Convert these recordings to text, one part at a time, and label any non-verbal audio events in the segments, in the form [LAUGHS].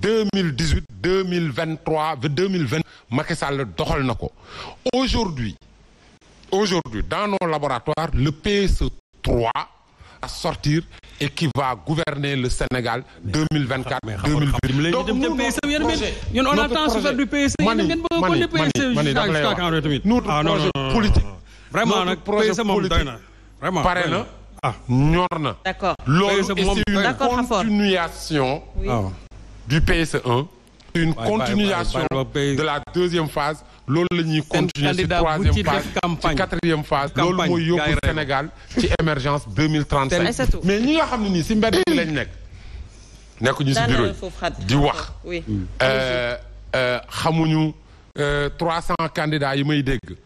deux mille dix huit deux mille vingt trois ba deux mille vingt Macky Sall doxal na ko aujourd'hui aujourd'hui dans nos laboratoires le PSE 3 à sortir et qui va gouverner le Sénégal 2024 2028 donc ñun e on attend sur du PSE notre ah, projet politique vraiment nag projet e politique pare na ah, ñor na loolu du PSE1 une bye continuation bye de la deuxième phase loolu la ñuy continuer ci troisième phase ci quatrième phase loolu mooy yóbbu Sénégal ci émergence deux mille trente cinq mais ñi nga xam ne nii si mbedd bi lañ nekk nekk ñu si bureau yi di wax euh, euh, xamuñu euh, trois cent candidats yi may dégg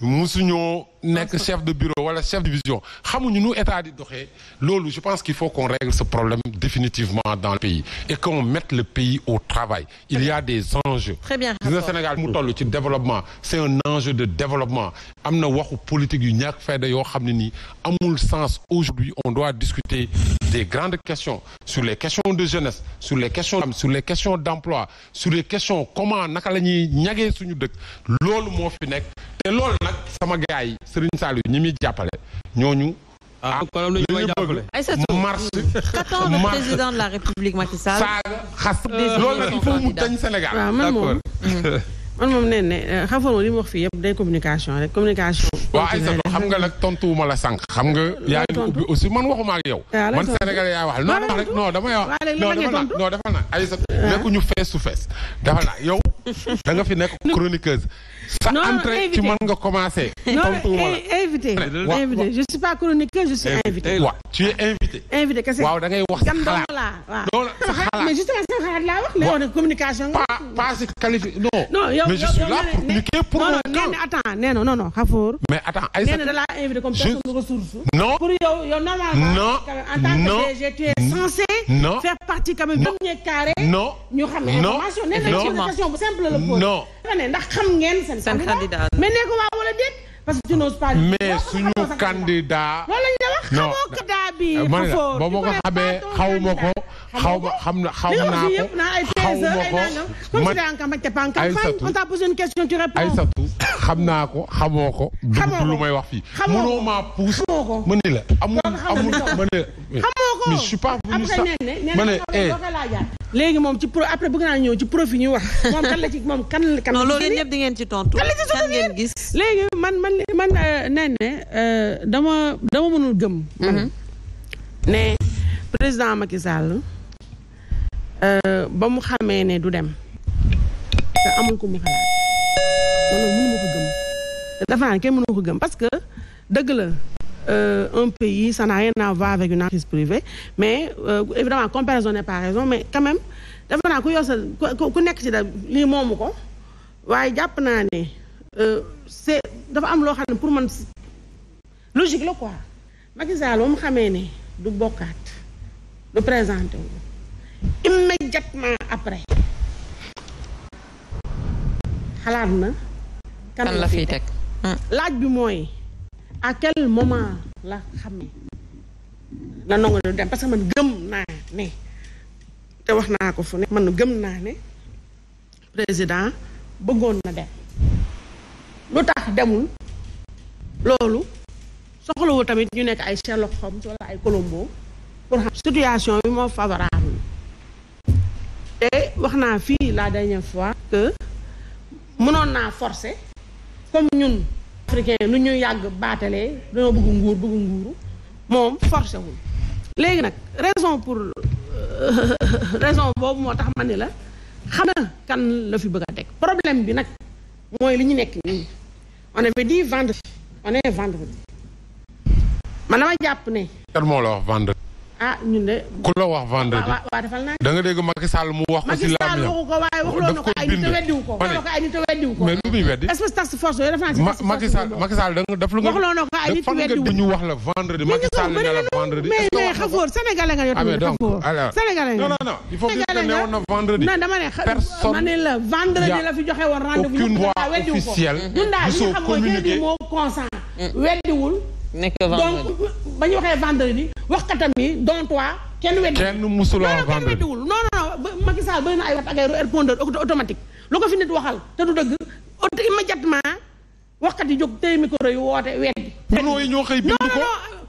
musuñoo nekk chef de bureau wala chef de division xamuñu nu état di doxee loolu je pense qu'il faut qu'on règle ce problème définitivement dans le pays et qu'on mette le pays au travail il y a des enjeux gis Sénégal mu toll ci développement c'est un enjeu de développement am na waxu politique yu ñàkk fayda yoo xam ne nii amul sens aujourd'hui on doit discuter des grandes questions sur les questions de jeunesse sur les questions sur les questions d'emploi sur les questions comment naka la ñuy ñagee suñu dëkk loolu moo fi nekk te loolu nag sama gars yi Serigne Saliou ñi muy jàppale ñooñu. ah, ah kon li ñu bëgg Aïssatou mars mars [LAUGHS] président de la république Macky saaga xas loolu nag il mu dañ Sénégal. waaw man moom [LAUGHS] mm. man moom nee na euh, xam mu wax fii yëpp day communication rek communication. waaw Aïssatou xam nga nag tontuwuma la sànq. xam nga yaa ngi ubbi aussi man waxuma ak yow. man Sénégal yaa wax non rek non damay wax. non dafa na non dafa na Aïssatou nekkuñu fees su fees dafa na yow [LAUGHS] da sa entrée ci mën nga commencer. [LAUGHS] tontuwuma la eh, invité invité je suis pas chroniqueur je suis invité. waaw tu es invité. invité kese waaw da ngay wax sa xalaat waaw sa xalaat mais justement sa xalaat laa wax. waaw communication. pas pas si qualifié non. non yow mais je suis là pour communiquer pour mon camp. attends nee na non non xafoor. mais attends Aïssa nee na da laa invité comme personne ressource. non pour yow yow normalement. en tant que DG tu es censé. non faire partie quand même premier carré. non ñu xam information nee na question bu simple la. non ndax xam ngeen seen candidat mais nee ko waaw wala déet parce que tu n'oses pas. mais suñu candidat. la wax xamoo candidat bi. man ba ma xamee xaw ma ko. xaw ma na xaw naa ko xaw lu may wax fii. xamoo ko mënoo maa la amul amul ma ne mais je suis pas venu sax ma ne léegi moom ci pro après bugg naa ñëw ci profit ñu wax [LAUGHS] moom kan la ci moom kan la. kan la ci loolu yéen di ngeen ci tontu. kan la ngeen gis. léegi man man man euh, nee ne euh, dama dama mënul gëm. Mhm. ne président Macky Sall euh, ba mu xamee ne du dem te amul ko mu xalaat man mënu ko kenn mënu ko gëm parce que dëgg la euh, un pays, ça n'a rien à voir avec une entreprise privée. Mais euh, évidemment, comparaison n'est pas raison, mais quand même, dafa ku yor ku nekk ci da lii moomu ko waaye jàpp naa ne euh, c'est dafa am loo xam ne pour man logique la quoi Macky mu xamee ne du bokkaat du présenté wu immédiatement après xalaat na kan la fiy teg hmm. laaj bi mooy à quel moment la xam ne la ndongo du dem parce que man gëm naa ne te wax naa ko fu ne man gëm naa ne président bëggoon na dem lu tax demul loolu soxlawu tamit ñu nekk ay Sherlock Holmes wala ay Colombo pour xam situation bi moo favorable te wax naa fii la dernière fois que mënoon naa forcer comme ñun africain nu ñu yàgg baatalee dañoo bëgg nguur bëgg nguuru moom forcé wul léegi nag raison pour euh, [LAUGHS] raison boobu moo tax ma ni la xam na kan la fi bëgg a teg problème bi nag mooy li ñu nekk nii on avait dit vendredi on est vendredi man dama jàpp ne. kan moo la wax vendredi. ah ñun de. ku la wax vendredi. waaw defal naa da nga dégg Macky Sall mu wax ko si. laam waxu ko waaye waxuloon na ko ay nit a weddiwu ko. waxuloon na ko ay nit a weddiwu ko. mais lu muy weddi. espèce task force yooyu def naa ci. Macky Sall Macky Sall da nga def lu nga. waxuloon na ko ay nit a weddiwu ko ñu wax la vendredi. Macky Sall ne la vendredi. mais mais xafoor sénégalais nga yow. Ah, donc alors sénégalais nga. non non non il faut que ñu ne woon na vendredi. non dama ne personne ma ne la vendredi la fi joxe woon rendez-vous. aucune voix officielle. ñun daal li nga xam mooy weddi moo consent mm. weddiwul nekk vendredi donc ba ñu waxee vendredi waxkatam yi dont toi kenn weddi kenn musul wax vendredi non non non Macky Sall bëri na ay wat ak ay répondeur automatique lu ko fi nit waxal te du dëgg auto ma waxkat yi jóg téye micro yu woote weddi. ñoo xëy bind ko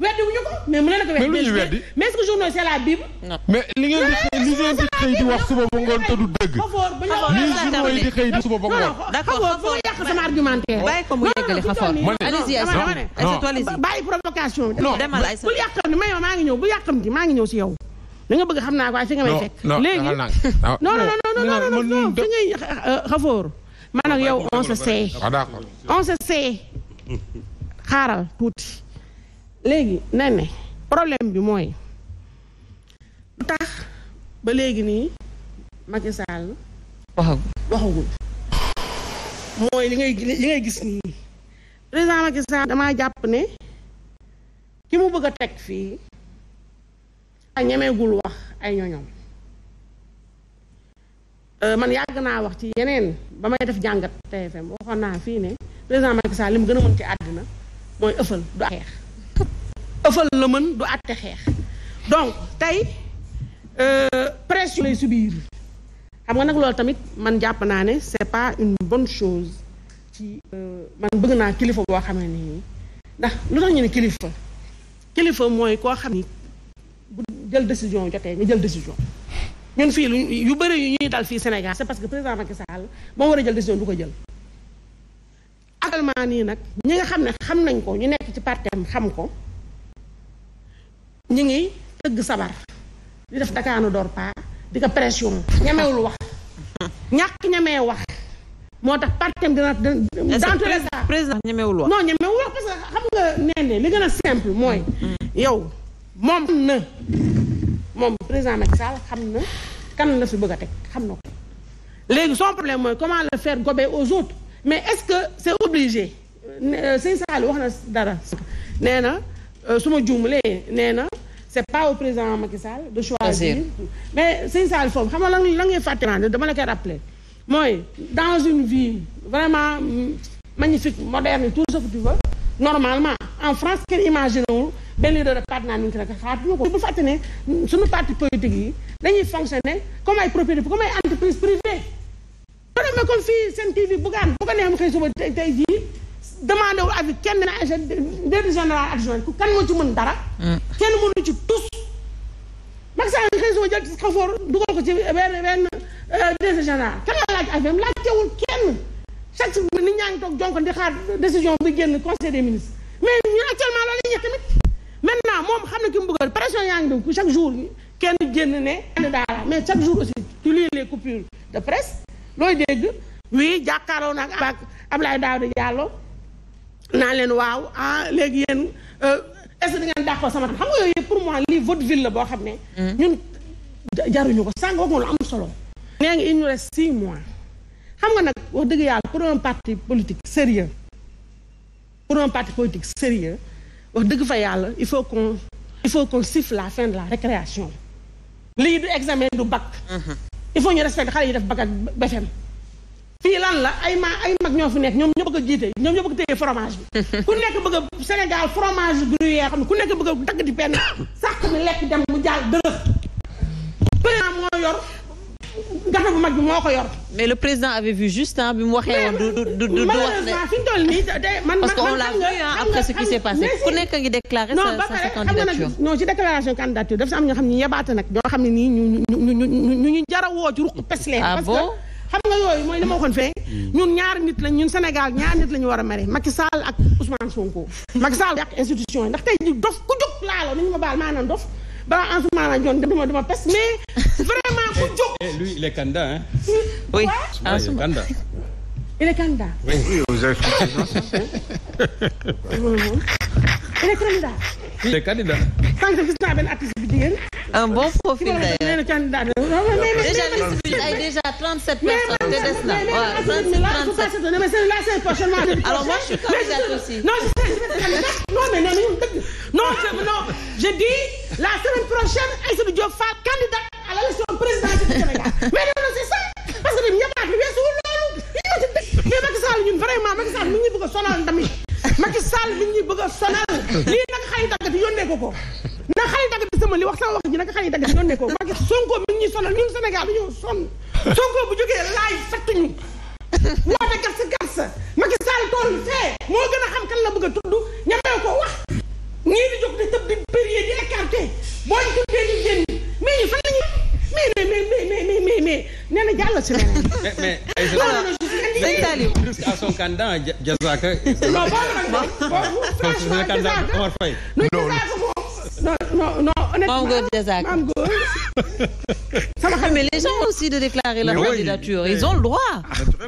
weddi wuñu ko mais mën na ko weddi mais lu ñuy weddi mais est-ce que journaux c'est la bible. mais li ngeen di xëy li ngeen di xëy di wax suba ba ngoon te du dëgg. lii journaux yi di xëy di suba ba ngoon. d'accord foo yàq sama argumentaire. bàyyi ko mu yeggali xafoor man de bàyyi provocation bi. non bu yàqamti ma yow maa ngi ñëw bu yàqamti maa ngi ñëw si yow. da nga bëgg xam naa ko waaye fi nga may fekk. léegi [LAUGHS] non non non non non non fi ngay xafoor man ak yow on se sait. Ah, on se sait xaaral tuuti léegi na ne problème bi mooy lu tax ba léegi nii Macky Sall waxagul waxagul mooy li ngay li ngay gis nii président Macky Sall damaa jàpp ne ki mu bëgg a teg fii a ñemeegul wax ay ñoñom euh, man yàgg naa wax ci yeneen ba may def jàngat TFM waxoon naa fii ne président Macky Sall mu gën a mën ci àddina mooy ëffal du xeex ëffal la mën du àtte xeex donc tey euh, pression lay subir xam nga nag loolu tamit man jàpp naa ne c'est pas une bonne chose ci euh, man bëgg naa kilifa boo ne ni ndax lu tax ñu ne kilifa kilifa mooy koo xam ni bu jël décision jotee nga jël décision ñun fii lu yu bëri yu ñuy dal fii Sénégal c'est parce que président Macky Sall moo war a jël décision du ko jël actuellement nii nag ñi nga xam ne xam nañ ko ñu nekk ci partem xam ko ñi ngi tëgg sabar di def dakaanu door paa di ko pression ñemewul wax ñàkk ñemee wax moo tax partem dina dans tous les cas président ñemewul wax non ñemewul wax parce que xam nga nende li gën a simple mooy mm. yow moom na moom président Macky Sall xam na kan la si bëgg a teg xam na ko léegi son problème mooy comment le faire gober aux autres mais est-ce que c'est obligé euh, euh, si Sall wax na dara nee Euh, su ma juumlee nee na c'est pas au président Macky Sall de choisir mais sëñ Sall foofu xam nga lan la ngee fàtte dama la koy rappeler mooy dans une vie vraiment magnifique moderne tout ce que tu veux normalement en France kenn imaginer wul benn leader de parti naa ni ngi rek xaatuñu ko bu fàtte ne suñu parti politique yi dañuy fonctionner comme ay propriété comme ay entreprise privée. loolu mooy comme fii seen TV bu gaan bu ko neexee demandé wul avis kenn dina général adjoint ku kan moo ci mën dara. Mm. kenn mënu ci tous. Macky Sall xëy suma jël ci xafoor dugal ko ci benn benn directeur général kan la laaj avis am laajtewul kenn chaque jour nit ñaa ngi toog jonko di xaar décision bi génn conseil des ministres mais ñun actuellement loolu la ñuy tamit maintenant moom xam na ki mu bëggal pression yaa ngi dem chaque jour kenn génn ne candidat la mais chaque jour aussi tu lis les coupures de presse looy dégg oui jàkkaarloo nag ak Abdoulaye Daouda Diallo naa leen waaw ah léegi yéen euh, est-ce que di sama xam nga yooyu pour moi lii vaudeville la boo xam ne. Mm-hmm. ñun jaruñu ko sànq wax nga lu am solo. nee nga il nous reste six mois xam nga nag wax dëgg yàlla pour un parti politique sérieux pour un parti politique sérieux wax dëgg fa yàlla il faut qu'on il faut qu'on siffle la fin de la récréation lii du examen du bac. Mm-hmm. il faut ñu respecter xale yi def bac ak BFEM. fii lan la ay ma ay mag ñoo fi nekk ñoom ñoo bëgg a jiite ñoom ñoo bëgg a téye fromage bi ku nekk bëgg a Sénégal fromage gruyère xam ne ku nekk bëgg a dagg di benn sàq mi lekk dem mu jaal dërëf président moo yor gata bu mag bi moo ko yor mais le président avait vu juste bi mu waxee woon du du du malheureusement fi ñu toll nii day man parce qu'on l'a vu après ce qui s'est passé ku nekk ngi déclaré sa sa candidature non ci déclaration candidature dafa am ñoo xam ne ñu yebaate nag ñoo xam ne nii ñu ñu ñu ñu ñu ñu jara woo ci ruq peslee ah bon xam nga yooyu mooy li ma waxoon fee. Mm. ñun ñaari nit lañ ñun Sénégal ñaari nit la war a mere Macky Sall ak Ousmane Sonko. Macky Sall yàq institution yi ndax tey jii dof ku jóg laalo nañu ma baal maanaam dof balaa en ce moment la ñu doon dama dama pes mais vraiment ku jóg. Eh, eh, ah, [LAUGHS] et il est candidat hein. il est candidat. il est candidat. il est naa benn artiste jigéen. un bon profil d'ailleurs nee candidat déjà liste bi ay déjà 37 personnes te des na waaw 37 37 mais la semaine prochaine alors moi je suis candidate aussi. non je suis non mais non non non je dis la semaine prochaine Aïssatou Diop Fall candidate à l'élection présidentielle du Sénégal mais non c'est ça parce que ñun ñëpp ak lu weesuwul loolu mais Macky Sall ñun vraiment Macky Sall mi ngi bëgg a sonal tamit Macky Sall mi ngi bëgg a sonal lii nag xarit daf yónnee ko ko. sama li wax sama wax ji naka xale yi dagg ñoo nekkoo Macky Sonko mi ngi ñuy sonal ñun Sénégal dañoo sonn Sonko bu jógee laay fettuñu woote garsa garsa Macky Sall tool fee moo gën a xam kan la bëgg a tudd ñamee ko wax ñii di jóg di tëb di périer di écarté boo ñu tuddee ñu génn mais ñu fan lañu mais mais mais mais mais mais nee na jàll si leneen mais mais à son candidat Diazaka non boobu nag boobu franchement Diazaka non non non honnêtement Maam Góor sama xel mais les gens aussi de déclarer leur candidature oui, ils ont le droit.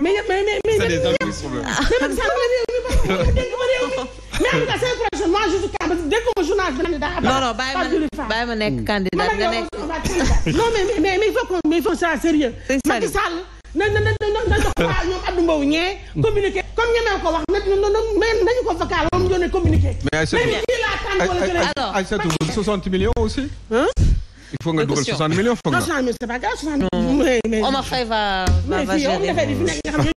mais mais mais mais mais en tout cas non non bàyyi ma bàyyi ma non mais mais mais il faut mais il faut ça sérieux. Macky Sall na na na na jox waa ñoom Abdou communiqué Aïssatou 60 millions aussi. Hein? il faut nga dugal 60 millions foog nga. 60 millions c'est pas grave 60 millions. Omar Faye va va gérer.